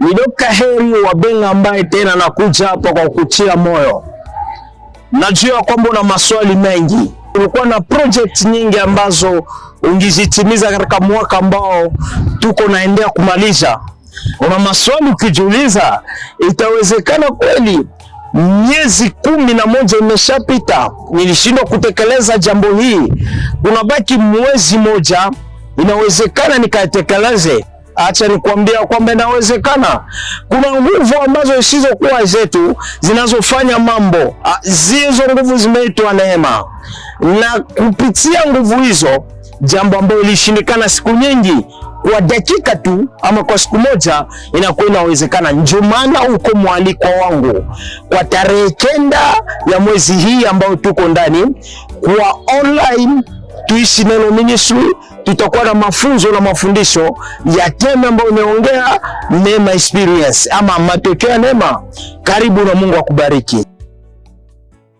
Ni Dr. Heri Wabenga ambaye tena nakuja hapa kwa kutia moyo. Najua kwamba una maswali mengi, ulikuwa na project nyingi ambazo ungizitimiza katika mwaka ambao tuko naendea kumaliza. Una maswali ukijiuliza, itawezekana kweli? Miezi kumi na moja imeshapita, nilishindwa kutekeleza jambo hii, unabaki mwezi moja, inawezekana nikatekeleze? acha nikwambia kwamba inawezekana. Kuna nguvu ambazo zisizokuwa zetu zinazofanya mambo, hizo ah, nguvu zimeitwa neema, na kupitia nguvu hizo, jambo ambalo lilishindikana siku nyingi kwa dakika tu ama kwa siku moja inakuwa inawezekana. Ndio maana uko mwaliko wangu kwa tarehe kenda ya mwezi hii ambayo tuko ndani, kwa online Tuishi Neno Ministry tutakuwa na mafunzo na mafundisho ya tena ambayo imeongea neema experience ama matokeo ya neema. Karibu na Mungu akubariki.